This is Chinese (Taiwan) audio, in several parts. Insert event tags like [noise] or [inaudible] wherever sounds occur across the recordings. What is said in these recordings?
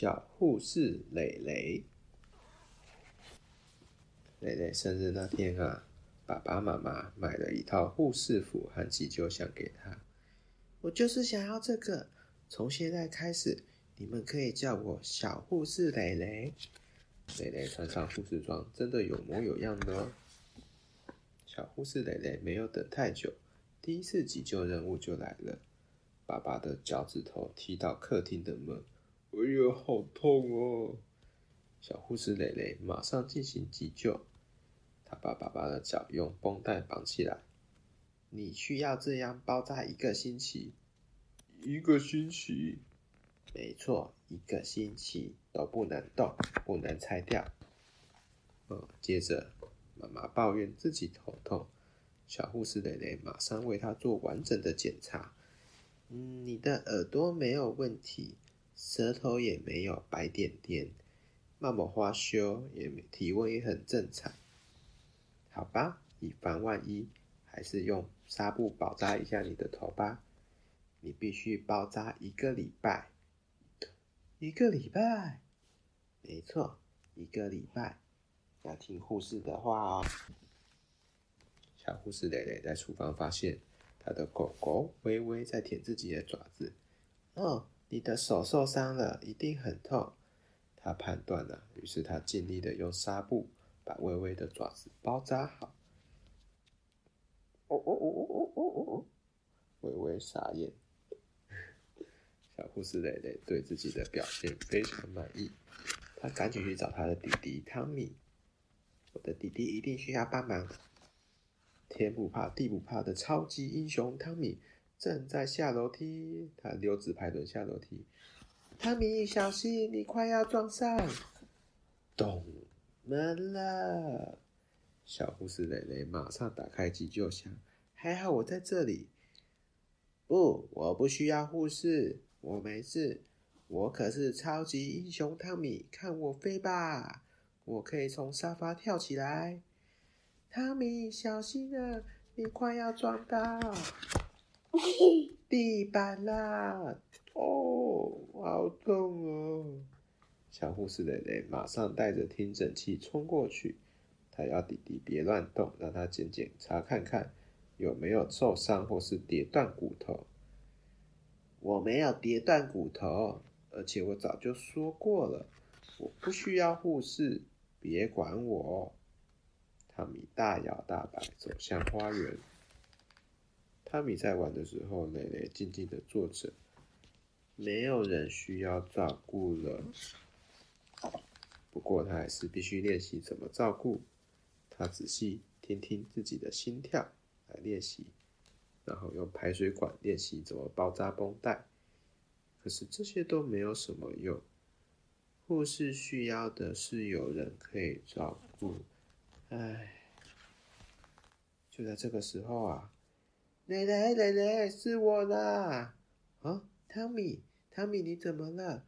小護士蕾蕾，蕾蕾生日那天啊，爸爸媽媽買了一套護士服和急救箱給她。我就是想要這個。從現在開始，你們可以叫我小護士蕾蕾。蕾蕾穿上護士裝，真的有模有樣的哦。小護士蕾蕾沒有等太久，第一次急救任務就來了。爸爸的腳趾頭踢到客廳的門。好痛哦、啊！小護士蕾蕾馬上進行急救，她把爸爸的腳用繃帶綁起來。你需要這樣包紮一個星期。一個星期？沒錯，一個星期都不能動，不能拆掉。嗯，接着媽媽抱怨自己頭痛，小護士蕾蕾馬上為她做完整的檢查。嗯，你的耳朵沒有問題。舌頭也沒有白點點，那麼花羞也沒體溫也很正常，好吧？以防萬一，還是用紗布包扎一下你的頭吧。你必須包扎一個禮拜，一個禮拜，沒錯，一個禮拜。要聽護士的話哦。小護士蕾蕾在廚房發現，她的狗狗微微在舔自己的爪子，嗯。你的手受傷了，一定很痛。他判斷了，於是他盡力的用紗布把微微的爪子包紮好。哦哦哦哦哦哦哦哦！微微傻眼。 [laughs] 小護士蕾蕾對自己的表現非常滿意，他趕緊去找他的弟弟湯米。我的弟弟一定需要幫忙。天不怕地不怕的超級英雄湯米，正在下樓梯，他溜直排輪下樓梯。湯米，小心！你快要撞上，咚！門了。小護士蕾蕾馬上打開急救箱，還好我在這裡。不，我不需要護士，我沒事。我可是超級英雄湯米，看我飛吧！我可以從沙發跳起來。湯米，小心啊！你快要撞到。 [laughs] 地板啦，啊！哦，好痛哦！小護士蕾蕾馬上帶着聽診器衝過去，她要弟弟別亂動，讓他檢檢查看看有沒有受傷或是跌斷骨頭。我沒有跌斷骨頭，而且我早就說過了，我不需要護士，別管我。湯米大搖大擺走向花園。湯米在玩的時候，蕾蕾靜靜的坐着，沒有人需要照顧了。不過他還是必須練習怎麼照顧。他仔細聽聽自己的心跳來練習，然後用排水管練習怎麼包紮繃帶。可是這些都沒有什麼用。護士需要的是有人可以照顧。唉，就在這個時候啊！蕾蕾，蕾蕾，是我啦！啊，湯米，湯米，你怎麼了？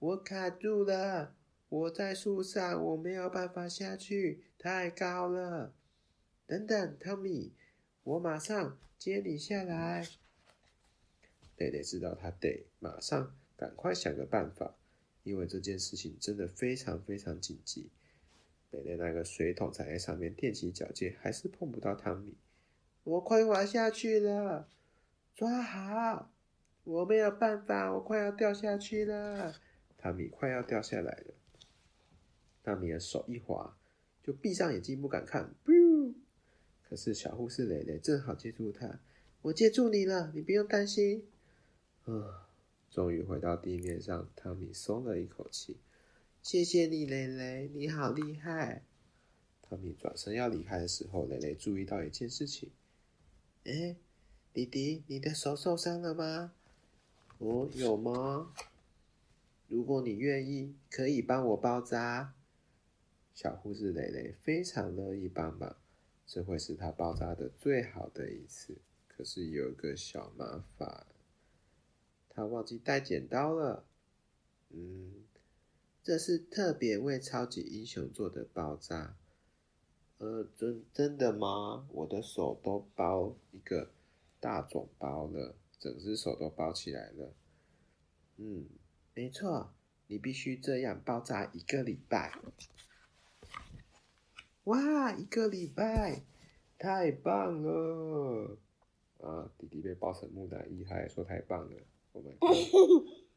我卡住了，我在樹上，我沒有辦法下去，太高了。等等，湯米，我馬上接你下來。蕾蕾知道他得馬上趕快想個辦法，因為這件事情真的非常非常緊急。蕾蕾那個水桶踩在，在上面踮起腳尖，還是碰不到湯米。我快滑下去了，抓好！我沒有辦法，我快要掉下去了。湯米快要掉下來了。湯米的手一滑，就閉上眼睛不敢看。可是小護士蕾蕾正好接住他。我接住你了，你不用擔心。呃，終於回到地面上，湯米鬆了一口氣。謝謝你，蕾蕾，你好厲害。湯米轉身要離開的時候，蕾蕾注意到一件事情。哎、欸，弟弟，你的手受傷了嗎？哦，有嗎？如果你願意，可以幫我包紮。小護士蕾蕾非常樂意幫忙，這會是她包紮的最好的一次。可是有一個小麻煩，她忘記帶剪刀了。嗯，這是特別為超級英雄做的包紮。呃，真真的嗎？我的手都包一個大腫包了，整只手都包起來了。嗯，沒錯，你必須這樣包扎一個禮拜。哇，一個禮拜，太棒了！啊，弟弟被包成木乃伊，他還說太棒了。我們。